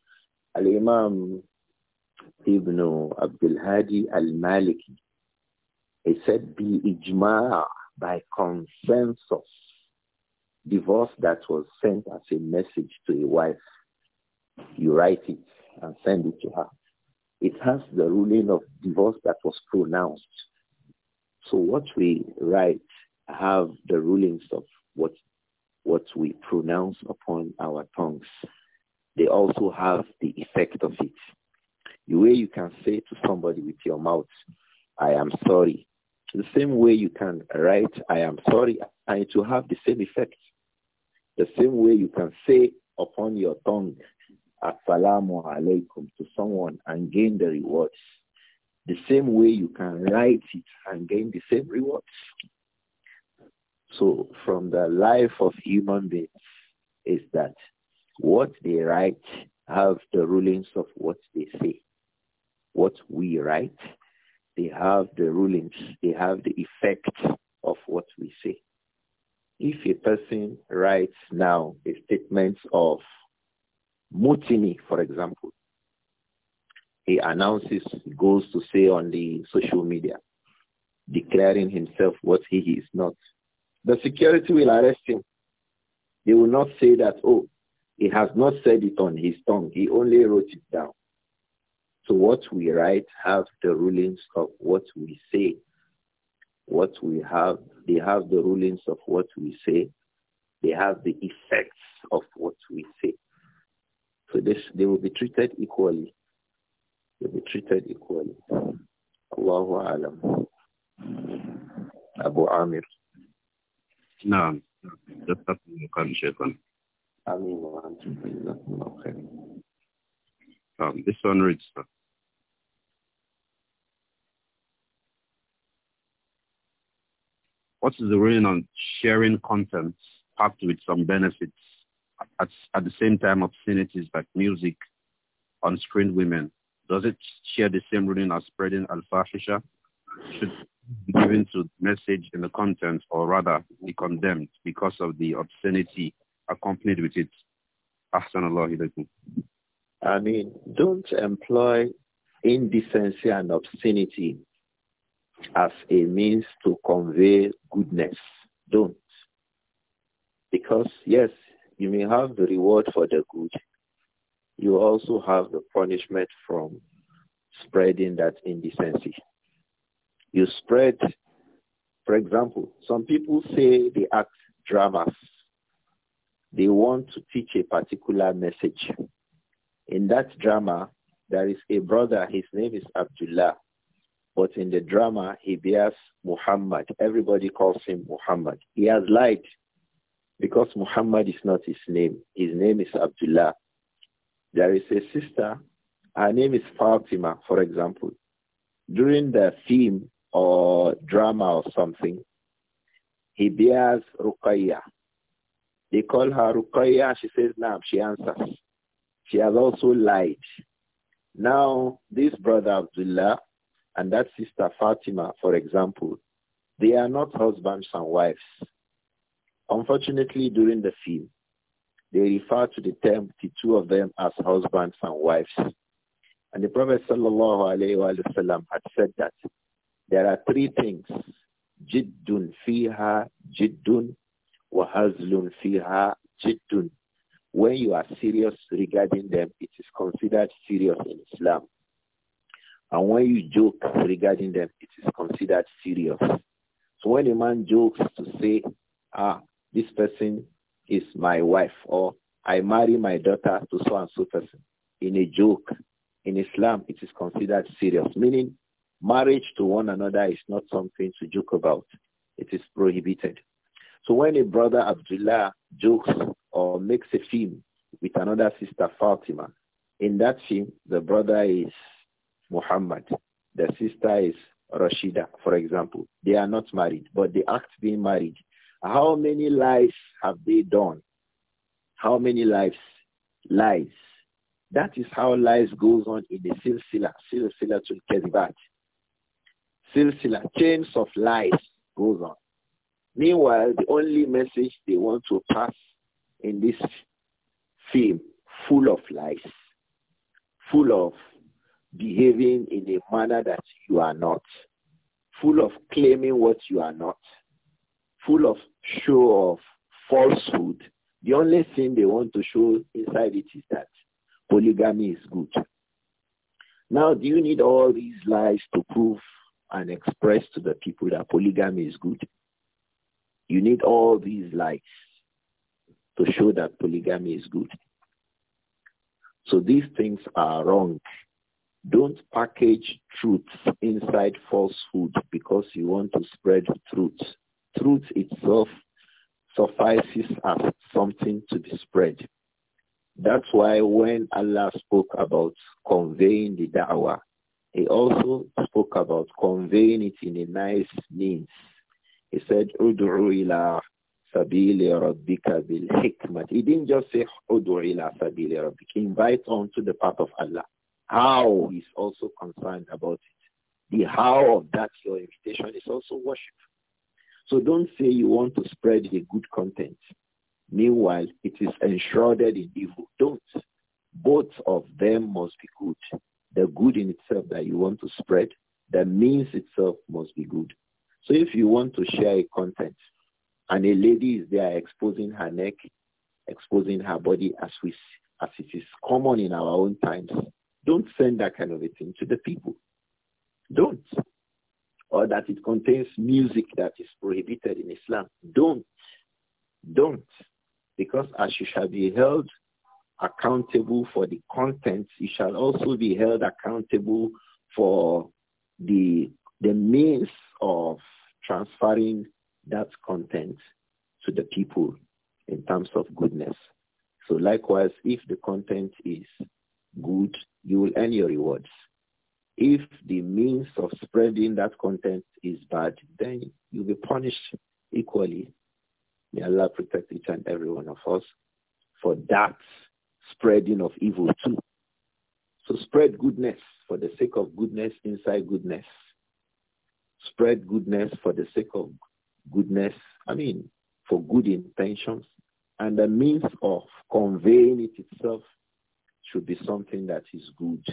Al-Imam Ibn Abdul Hadi Al-Maliki, he said, bi ijma' by consensus, divorce that was sent as a message to a wife. You write it and send it to her. It has the ruling of divorce that was pronounced. So what we write have the rulings of what what we pronounce upon our tongues. They also have the effect of it. The way you can say to somebody with your mouth, I am sorry. The same way you can write, I am sorry, and it will have the same effect. The same way you can say upon your tongue, assalamu alaikum to someone and gain the rewards. The same way you can write it and gain the same rewards. So from the life of human beings is that what they write have the rulings of what they say. What we write, they have the rulings, they have the effect of what we say. If a person writes now a statement of Mutini, for example, he announces, goes to say on the social media, declaring himself what he is not. The security will arrest him. They will not say that, oh, he has not said it on his tongue. He only wrote it down. So what we write have the rulings of what we say. What we have, they have the rulings of what we say. They have the effects of what we say. So this, they will be treated equally. They'll be treated equally. Allahu Alam. Abu Amir. No, just الله شيخا آمين وأنتم جزاكم Um, this one reads. Sir. What is the reason on sharing content packed with some benefits at, at the same time obscenities like music on screen women, does it share the same ruling as spreading al-fahisha? Should be given to message in the content or rather be condemned because of the obscenity accompanied with it. I mean, don't employ indecency and obscenity as a means to convey goodness. Don't. Because, yes, you may have the reward for the good. You also have the punishment from spreading that indecency. You spread, for example, some people say they act dramas. They want to teach a particular message. In that drama, there is a brother, his name is Abdullah. But in the drama, he bears Muhammad. Everybody calls him Muhammad. He has lied because Muhammad is not his name. His name is Abdullah. There is a sister. Her name is Fatima, for example. During the film or drama or something, he bears Ruqayya. They call her Ruqayya. She says, no, she answers. She has also lied. Now, this brother Abdullah and that sister Fatima, for example, they are not husbands and wives. Unfortunately, during the film, they refer to the term, the two of them, as husbands and wives. And the Prophet wasallam had said that there are three things, jiddun fiha jiddun wa hazlun fiha jiddun. When you are serious regarding them, it is considered serious in Islam. And when you joke regarding them, it is considered serious. So when a man jokes to say, ah, this person is my wife or I marry my daughter to so and so person in a joke. In Islam, it is considered serious, meaning marriage to one another is not something to joke about. It is prohibited. So when a brother Abdullah jokes or makes a film with another sister Fatima, in that film, the brother is Muhammad. The sister is Rashida, for example. They are not married, but they act being married. How many lies have they done? How many lives? Lies. That is how lies goes on in the silsila, silsila to kezibat. Silsila, chains of lies goes on. Meanwhile, the only message they want to pass in this film full of lies, full of behaving in a manner that you are not, full of claiming what you are not, full of show of falsehood, the only thing they want to show inside it is that polygamy is good. Now, do you need all these lies to prove and express to the people that polygamy is good? You need all these lies to show that polygamy is good. So these things are wrong. Don't package truth inside falsehood because you want to spread truth itself suffices as something to be spread. That's why when Allah spoke about conveying the da'wah, he also spoke about conveying it in a nice means. He said, Udu'u ila sabili rabbika bil hikmat. He didn't just say, Udu'u ila sabili rabbika. Invite unto the path of Allah. How is also concerned about it. The how of that your invitation is also worshipful. So don't say you want to spread a good content. Meanwhile, it is enshrouded in evil. Don't. Both of them must be good. The good in itself that you want to spread, the means itself must be good. So if you want to share a content and a lady is there exposing her neck, exposing her body as we as it is common in our own times, don't send that kind of a thing to the people. Don't or that it contains music that is prohibited in Islam. Don't. Don't. Because as you shall be held accountable for the content, you shall also be held accountable for the, the means of transferring that content to the people in terms of goodness. So likewise, if the content is good, you will earn your rewards. If the means of spreading that content is bad, then you'll be punished equally. May Allah protect each and every one of us for that spreading of evil too. So spread goodness for the sake of goodness inside goodness. Spread goodness for the sake of goodness, I mean, for good intentions. And the means of conveying it itself should be something that is good.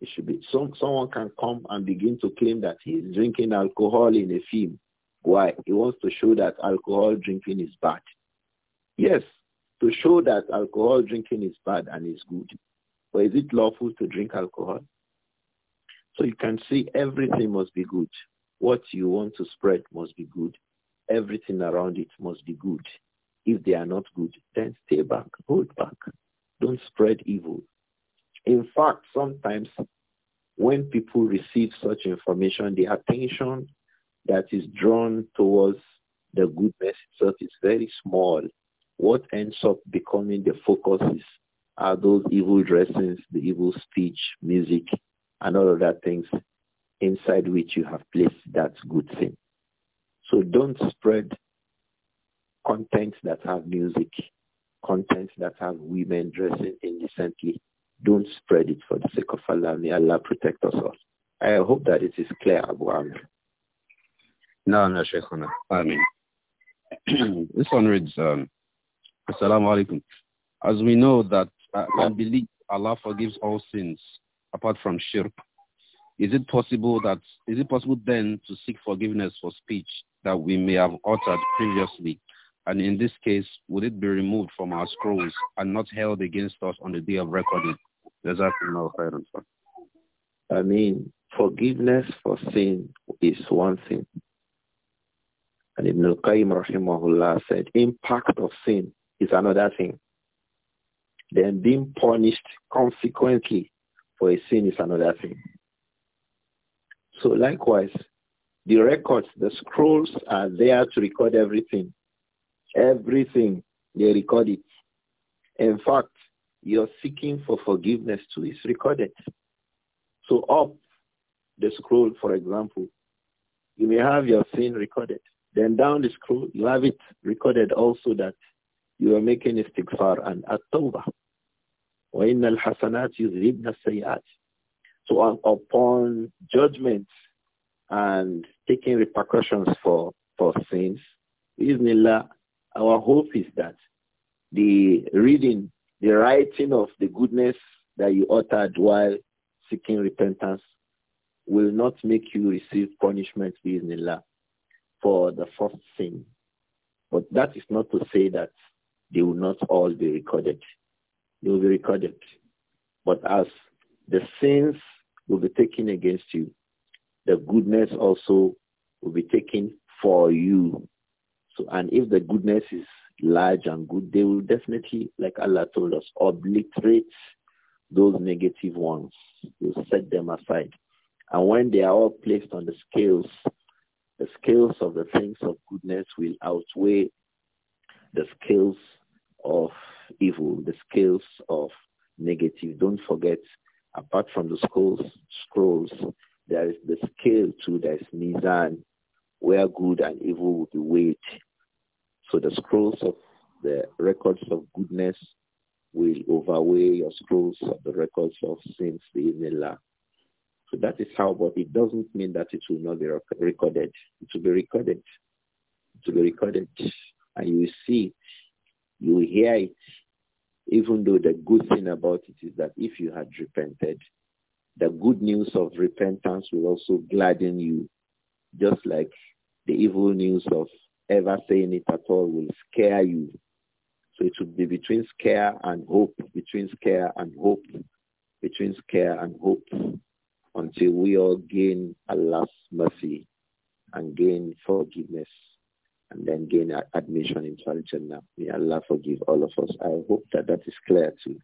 It should be some, someone can come and begin to claim that he is drinking alcohol in a film. Why? He wants to show that alcohol drinking is bad. Yes, to show that alcohol drinking is bad and is good. But is it lawful to drink alcohol? So you can see everything must be good. What you want to spread must be good. Everything around it must be good. If they are not good, then stay back, hold back. Don't spread evil. In fact, sometimes when people receive such information, the attention that is drawn towards the goodness itself is very small. What ends up becoming the focus is are those evil dressings, the evil speech, music, and all of that things inside which you have placed that good thing. So don't spread contents that have music, contents that have women dressing indecently, don't spread it for the sake of Allah. May Allah protect us all. I hope that it is clear, Abu Amr. No, no, Shaykhuna. I mean, this one reads, um, Assalamu alaikum. As we know that uh, I believe Allah forgives all sins apart from shirk, is it possible that is it possible then to seek forgiveness for speech that we may have uttered previously? And in this case, would it be removed from our scrolls and not held against us on the day of recording? I mean, forgiveness for sin is one thing. And Ibn al-Qayyim rahimahullah said, impact of sin is another thing. Then being punished consequently for a sin is another thing. So likewise, the records, the scrolls are there to record everything. Everything, they record it. In fact, you are seeking for forgiveness too is recorded. So up the scroll, for example, you may have your sin recorded. Then down the scroll, you have it recorded also that you are making a istighfar and at-tawbah. وَإِنَّ الْحَسَنَاتِ يُذْهِبْنَ السَّيِّئَاتِ So upon judgment and taking repercussions for, for sins, Bismillah, our hope is that the reading the writing of the goodness that you uttered while seeking repentance will not make you receive punishment bismillah for the first sin. But that is not to say that they will not all be recorded. They will be recorded. But as the sins will be taken against you, the goodness also will be taken for you. So, and if the goodness is large and good, they will definitely, like Allah told us, obliterate those negative ones. You set them aside. And when they are all placed on the scales, the scales of the things of goodness will outweigh the scales of evil, the scales of negative. Don't forget, apart from the scrolls, scrolls there is the scale too, there is Mizan, where good and evil will be weighed so the scrolls of the records of goodness will overweigh your scrolls of the records of sins in Allah. So that is how, but it doesn't mean that it will not be recorded. It will be recorded. It will be recorded. And you will see, you will hear it, even though the good thing about it is that if you had repented, the good news of repentance will also gladden you, just like the evil news of ever saying it at all will scare you. So it should be between scare and hope, between scare and hope, between scare and hope, until we all gain Allah's mercy and gain forgiveness and then gain admission into Al-Jannah. May Allah forgive all of us. I hope that that is clear to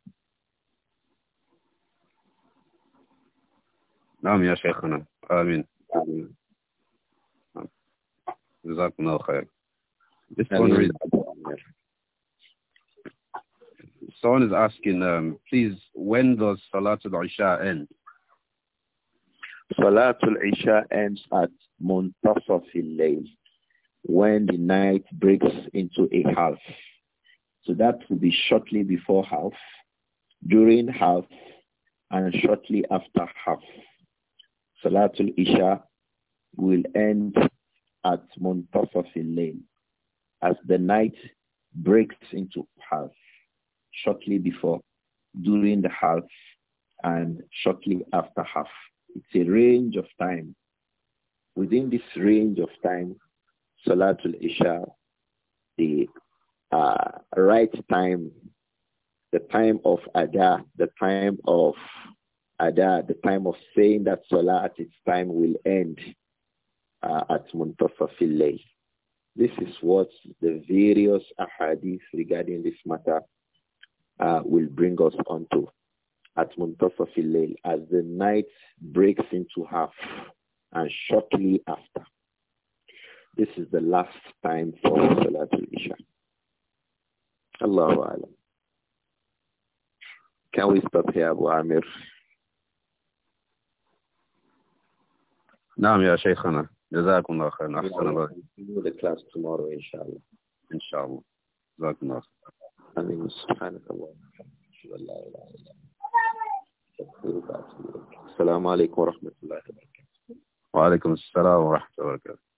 نعم يا شيخنا آمين جزاكم الله خير this one is, someone is asking, um, please, when does Salatul Isha end? Salatul Isha ends at Muntasafil Layl, when the night breaks into a half. So that will be shortly before half, during half, and shortly after half. Salatul Isha will end at Muntasafil Layl as the night breaks into half, shortly before, during the half, and shortly after half. It's a range of time. Within this range of time, Salatul Isha, the uh, right time, the time of Ada, the time of Ada, the time of saying that Salah at its time will end uh, at Muntasafil Layl. This is what the various ahadith regarding this matter uh, will bring us onto at Muntasafil as the night breaks into half and shortly after. This is the last time for Salatul Isha. Allahu Alam. Can we stop here, Abu Amir? نعم يا شيخنا جزاكم الله خير أحسن الله do the ان شاء الله إن شاء الله جزاكم الله خير آمين سبحانك اللهم وبحمدك لا إله إلا أنت السلام عليكم ورحمة الله وبركاته وعليكم السلام ورحمة الله وبركاته